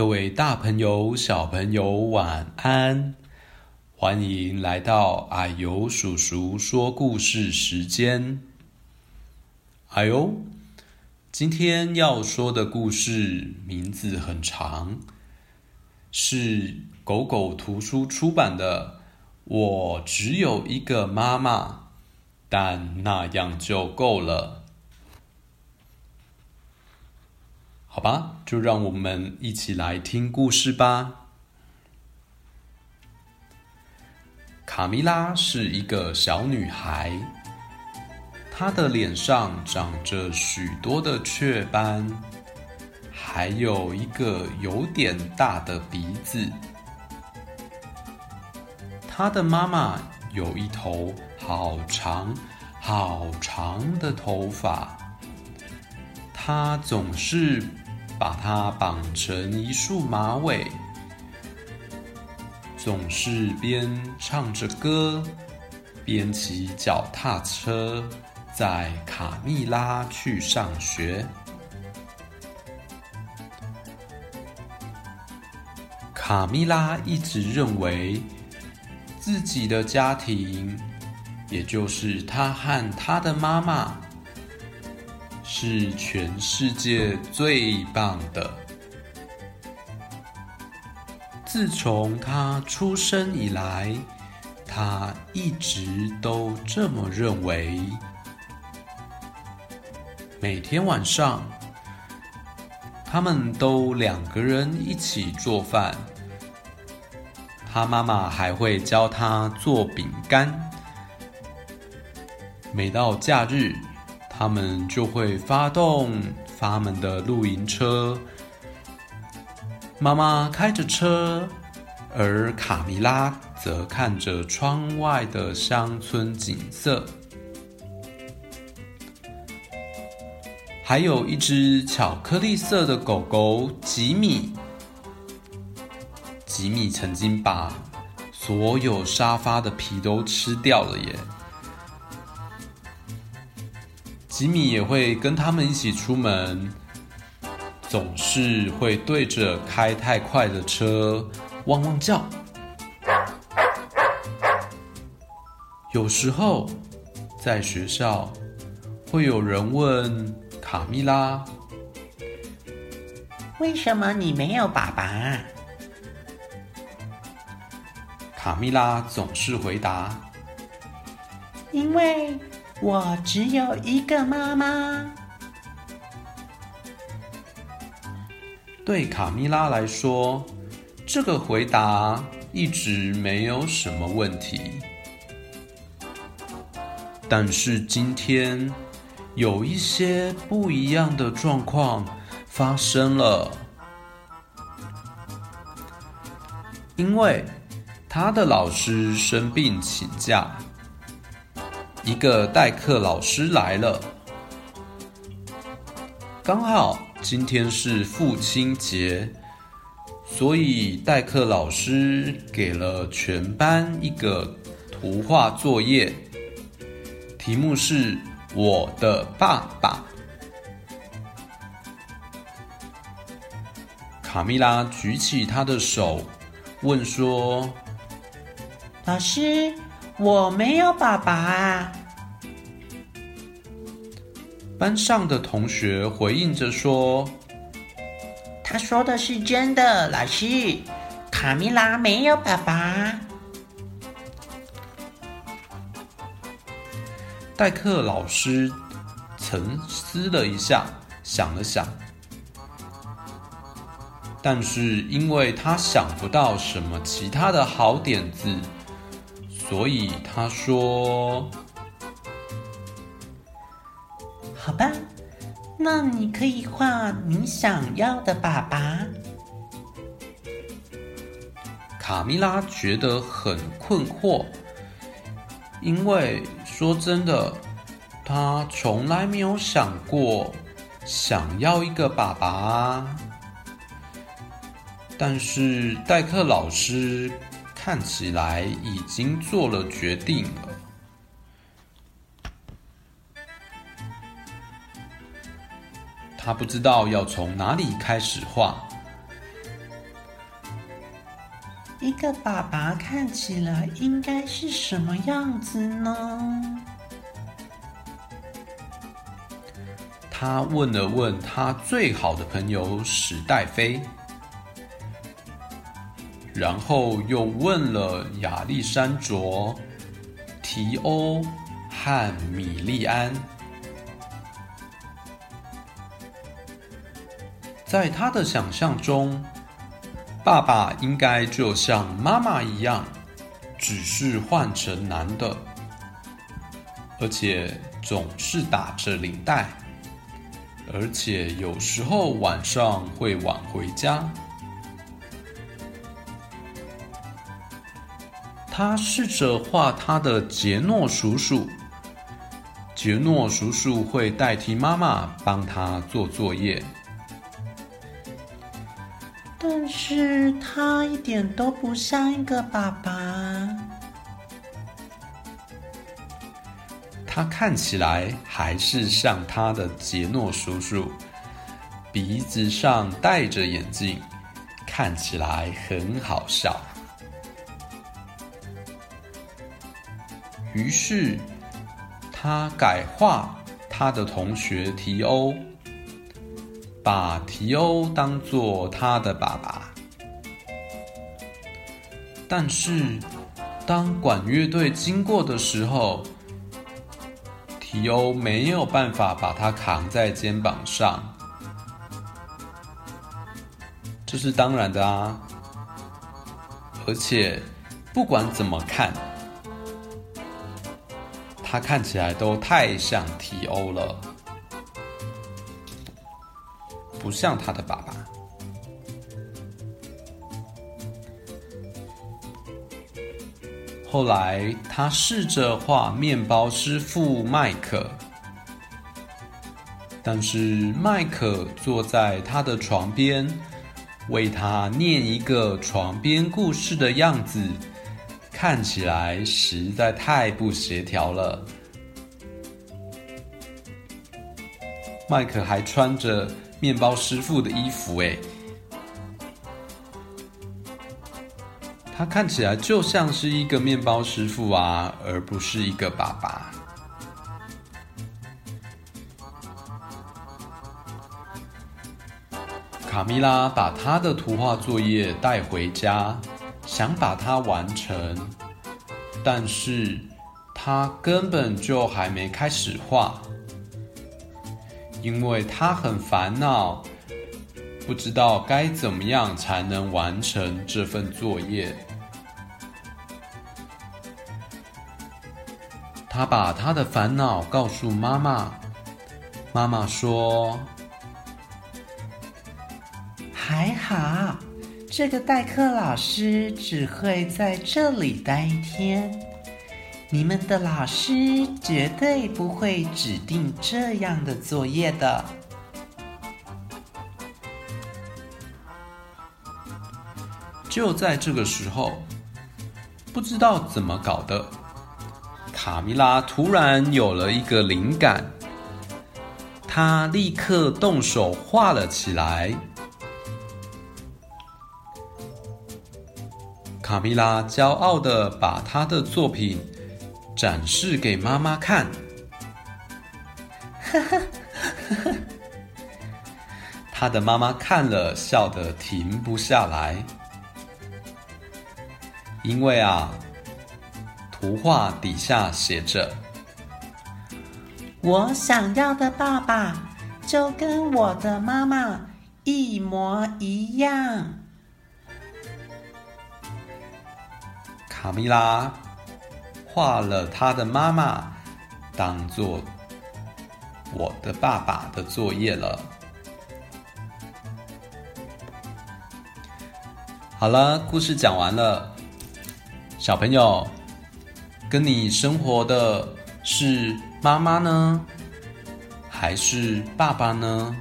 各位大朋友、小朋友，晚安！歡迎來到啊呦叔叔說故事時間。啊呦，今天要說的故事名字很長，是狗狗圖書出，出版的《我只有一個媽媽》，但那樣就夠了。好吧，就讓我們一起來聽故事吧。卡蜜拉是一個小女孩，她的臉上長着許多的雀斑，還有一個有點大的鼻子。她的媽媽有一頭好長好長的頭髮，她總是，把它綁成一束馬尾，總是邊唱着歌邊騎腳踏車，載卡蜜拉去上學。卡蜜拉一直認為自己的家庭，也就是她和她的媽媽。是全世界最棒的。自從他出生以來，他一直都這麼認為。每天晚上，他們都兩個人一起做飯。他媽媽還會教他做餅乾。每到假日，他們就會發動他們的露營車，媽媽開着車，而卡蜜拉則看着窗外的鄉村景色。還有一隻巧克力色的狗狗吉米，吉米曾經把所有沙發的皮都吃掉了耶。吉米也會跟他們一起出門，總是會對着開太快的車汪汪叫。有時候在學校，會有人問卡蜜拉：“為什麼你沒有爸爸？”卡蜜拉總是回答：“因為。”我只有一個媽媽。對卡蜜拉來說，這個回答一直沒有什麼問題。但是今天有一些不一樣的狀況發生了，因為她的老師生病請假。一個代課老師來了，剛好今天是父親節，所以代課老師給了全班一個圖畫作業，題目是“我的爸爸”。卡蜜拉舉起他的手，問說：“老師。”我沒有爸爸啊！班上的同學回應着說：“他說的是真的，老師，卡蜜拉沒有爸爸。”代課老師沉思了一下，想了想，但是因為他想不到什麼其他的好點子。所以他說：“好吧，那你可以畫你想要的爸爸。”卡蜜拉覺得很困惑，因為說真的，他從來沒有想過想要一個爸爸。但是代課老師。看起來已經做了決定了。他不知道要從哪裡開始畫。一個爸爸看起來應該是什麼樣子呢？他問了問他最好的朋友史黛菲。然後又問了亞歷山卓、提歐和米利安，在他的想象中，爸爸應該就像媽媽一樣，只是換成男的，而且總是打着領帶，而且有時候晚上會晚回家。他試着畫他的傑諾叔叔，傑諾叔叔會代替媽媽幫他做作業，但是他一點都不像一個爸爸，他看起來還是像他的傑諾叔叔，鼻子上戴着眼鏡，看起來很好笑。於是，他改畫他的同學提歐，把提歐當做他的爸爸。但是，當管樂隊經過的時候，提歐沒有辦法把他扛在肩膀上。這是當然的啊！而且，不管怎麼看。他看起來都太像提歐了，不像他的爸爸。後來，他試着畫麵包師傅麥克，但是麥克坐在他的床邊，為他念一個床邊故事的樣子。看起來實在太不協調了。麥克還穿着麵包師傅的衣服，哎，他看起來就像是一個麵包師傅啊，而不是一個爸爸。卡蜜拉把他的圖畫作業帶回家。想把它完成，但是他根本就還沒開始畫，因為他很煩惱，不知道該怎麼樣才能完成這份作業。他把他的煩惱告訴媽媽，媽媽說：“還好。”這個代課老師只會在這裡待一天，你們的老師絕對不會指定這樣的作業的。就在這個時候，不知道怎麼搞的，卡蜜拉突然有了一個靈感，她立刻動手畫了起來。卡蜜拉驕傲地把她的作品展示給媽媽看，哈哈，她的媽媽看了笑得停不下來，因為啊，圖畫底下寫着：“我想要的爸爸就跟我的媽媽一模一樣。”卡蜜拉畫了他的媽媽，當做我的爸爸的作業了。好了，故事講完了。小朋友，跟你生活的是媽媽呢，還是爸爸呢？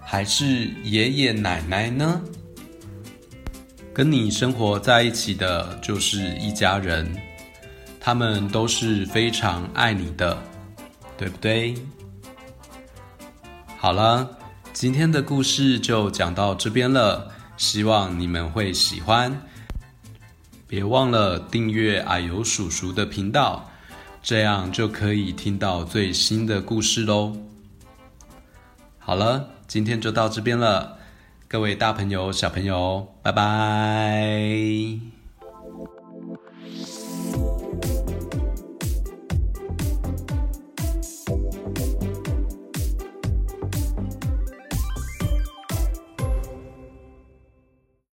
還是爺爺奶奶呢？跟你生活在一起的就是一家人，他們都是非常愛你的，對不對？好了，今天的故事就講到這邊了，希望你們會喜歡。別忘了訂閱啊呦叔叔的頻道，這樣就可以聽到最新的故事嘍。好了，今天就到這邊了。各位大朋友、小朋友，拜拜！